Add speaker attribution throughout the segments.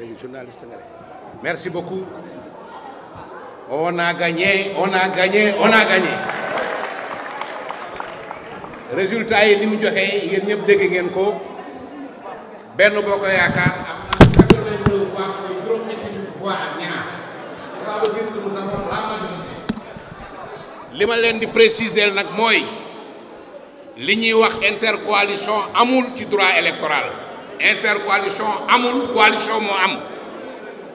Speaker 1: léegi journaliste nga merci beaucoup on a gagné résultat yi li mu joxe yéen ñëpp dégg ngeen ko benn boo ko yaakaar am li ma leen di préciser nag mooy li ñuy wax intercoalition amul ci droit électoral intercoalition amul coalition moo am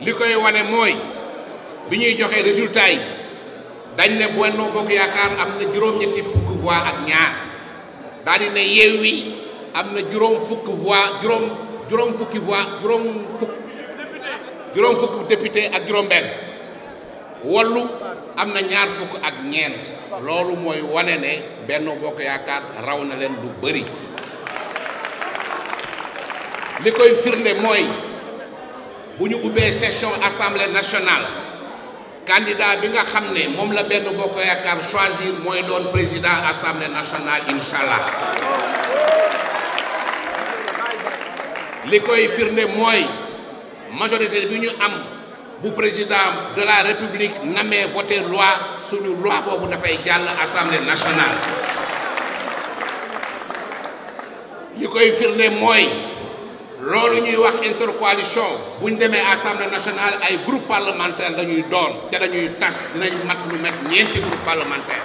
Speaker 1: li koy wane mooy bi ñuy joxe résultat yi dañ ne Benno Bokk Yaakaar am na juróom-ñetti fukk voix ak ñaar daal ne Yewwi am na juróom fukk voix juróom fukk juróom député ak juróom benn Wallu am na ñaar fukk ak ñeent loolu mooy wane ne Benno Bokk Yaakaar raw na leen lu bëri li koy firnde mooy bu ñu ubbee session assemblée nationale candidat bi nga xam ne moom la benn bokk yaakaar choisir mooy doon président assemblée nationale incha allah li koy firnde mooy majorité bi ñu am bu président de la république namee voté loi suñu loi boobu dafay jàll assemblée nationale li koy firnde mooy. loolu ñuy wax intercoalition bu ñu demee assemblée nationale ay groupe parlementaire dañuy doon te dañuy tas dinañ mat lu met ñeenti groupe parlementaire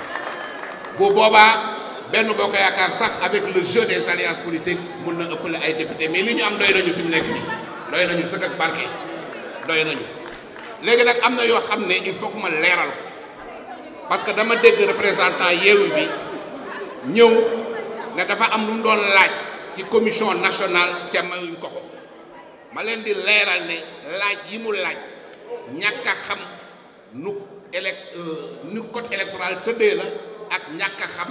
Speaker 1: bu boobaa benn boo ko yaakaar sax avec le jeu des alliances politique mun na ëppale ay député mais li ñu am doy nañu fi mu nekk nii doy nañu sëkk ak barke doy nañu léegi nag am na yoo xam ne il faut ma leeral ko parce que dama dégg représentant yeewu bi ñëw ne dafa am lu mu doon laaj ci commission nationale ca mayuñ ko ko ma leen di leeral ne laaj yi mu laaj ñàkk xam nu élect euh, nu code électoral tëddee la ak ñàkk xam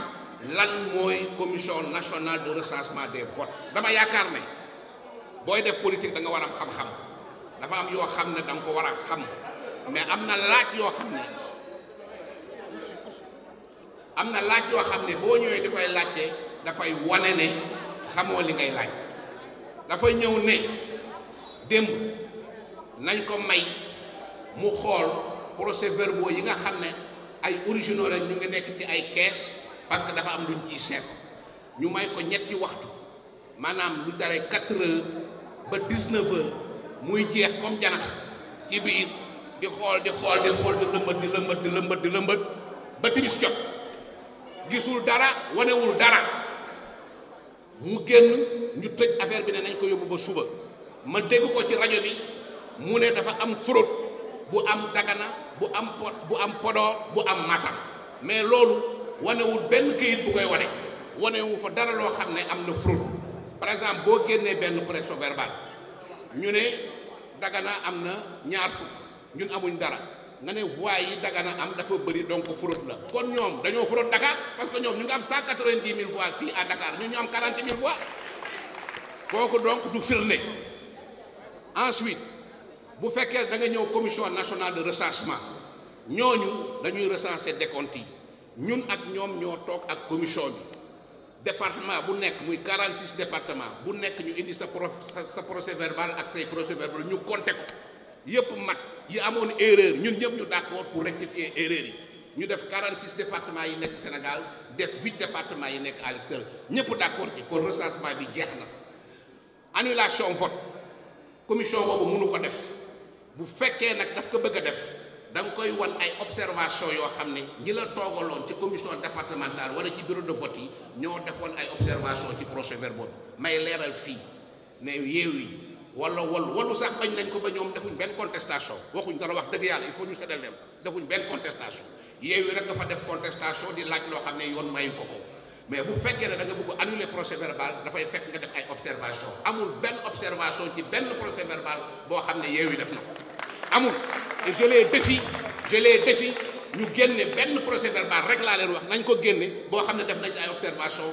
Speaker 1: lan mooy commission nationale de recensement des votes dama yaakaar ne booy def politique da nga war a xam-xam dafa am yoo xam ne da nga ko war a xam mais am na laaj yoo xam ne na laaj yoo ne boo ñëwee di koy laajte dafay wane ne xamoo li ngay laaj dafa ñëw ne démb nañ ko may mu xool procès verbaux yi nga xam ne ay originaux la ñu ngi nekk ci ay kees parce que dafa am luñ ciy seet ñu may ko ñetti waxtu maanaam lu daree quatre ba dix-neuf muy jeex comme janax ci biir di xool di xool di xool di lëmbët di lëmbët di lëmbët ba timis jot gisul dara wanewul dara mu génn ñu tëj affaire bi ne nañ ko yóbbu ba suba ma dégg ko ci rajo bi mu ne dafa am fraude bu am Dagana bu am po bu am Podor bu am Matam mais loolu wanewul benn këyit bu koy wane wanewu fa dara loo xam ne am na fraude par exemple boo génnee benn procès verbal ñu ne Dagana am na ñaar fukk ñun amuñ dara nga ne voies yi Dagana am dafa bëri donc fraude la kon ñoom dañoo fraude Dakar parce que ñoom ñu ngi am cent quatre-vingt-dix mille voix fii à Dakar ñun ñu am quarante mille voix kooku donc du firnde ensuite bu fekkee da nga ñëw commission nationale de recensement ñooñu dañuy recenser décompte yi ñun ak ñoom ñoo toog ak commission bi département bu nekk muy 46 département bu nekk ñu indi sa pro sa procès verbal ak say procès verbal ñu compté ko. yëpp mat yi amoon erreur ñun ñëpp ñu d'accord pour rectifier erreur yi ñu def 46 départements yi nekk Sénégal def 8 départements yi nekk à l'extérieur ñëpp d'accord ci kon recensement bi jeex na annulation vote commission boobu mënu ko def bu fekkee nag daf ko bëgg def da koy won ay observation yoo xam ne ñi la toogaloon ci commission départementale wala ci bureau de vote yi ñoo defoon ay observation ci procès verbal may leeral fii ne wala wol wolu sax bañ nañ ko ba ñoom defuñ benn contestation waxuñ dara wax dëgg yàlla il faut ñu seddal leen benn contestation Yewwi rek dafa def contestation di laaj loo xam ne yoon mayu ko ko mais bu fekkee ne da nga bëgg annuler procès verbal dafay fekk nga def ay observation amul benn observation ci benn procès verbal boo xam ne Yewwi def na ko amul et defi les defi je ñu génne benn procès verbal rek laa leen wax nañ ko génne boo xam ne def nañ ci ay observation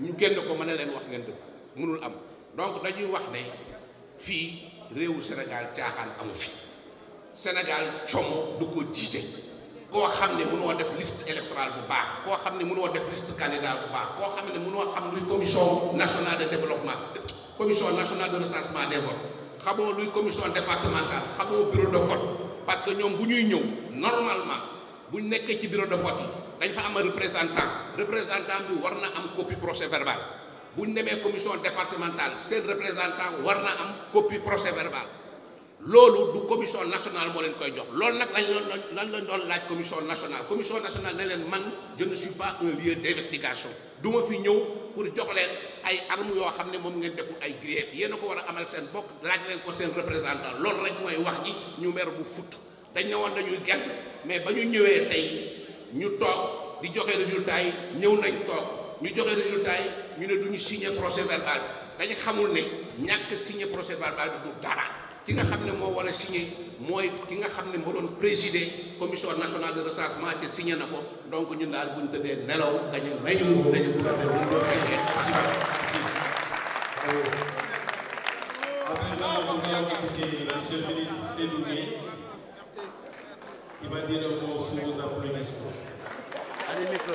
Speaker 1: ñu génn ko mën a leen wax ngeen dëgg mënul am donc dañuy wax ne fii réewu Sénégal caaxaan amu fi Sénégal como du ko jiite koo xam ne mënoo def liste électorale bu baax koo xam ne mënoo def liste candidat bu baax koo xam ne mënoo xam luy commission nationale de développement commission nationale de recensement des votes xamoo luy commission départementale xamoo bureau de vote parce que ñoom bu ñuy ñëw normalement buñ nekkee ci bureau de vote yi dañ fa am représentant représentant bi war na am copie procès verbal bu ñu demee commission départementale seen représentant war na am copie procès verbal loolu du commission nationale moo leen koy jox loolu nag lañ doon lañ leen doon laaj commission nationale commission nationale ne leen man je ne suis pas un d'investigation du fi ñëw pour jox leen ay armes yoo xam ne moom ngeen deful ay grief yéen ko war a amal seen bopp laaj leen ko seen représentant loolu rek mooy wax ji ñu mer bu fut dañ ne woon dañuy gert mais ba ñu ñëwee tey ñu toog di joxe résultat yi ñëw nañ toog ñu joxe résultat yi ñu ne duñu signer procès verbal bi dañu xamul ne ñàkk signer procès verbal bi du dara ki nga xam ne moo war a signer mooy ki nga xam ne moo doon présider commission nationale de recensement te signé na ko donc ñun daal buñ tëddee nelaw dañu nañu dañu bëgg a def Il va dire un mot sous applaudissements. Allez, micro.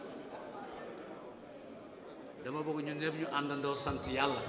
Speaker 1: dama bëgg ñun ñëpp ñu àndandoo sant yàlla